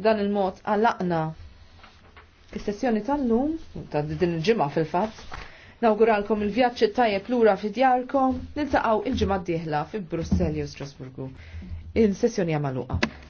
dan il-mod għallaqna is-sessjoni tal-lum, ta' din il-ġimgħa fil-fatt, nawguralkom il-vjaġġ tajjeb lura fi djarkom, niltaqgħu il-ġimgħa d-dieħla fi Brussell jew Strasburgu. Il-sessjoni għamaluqa.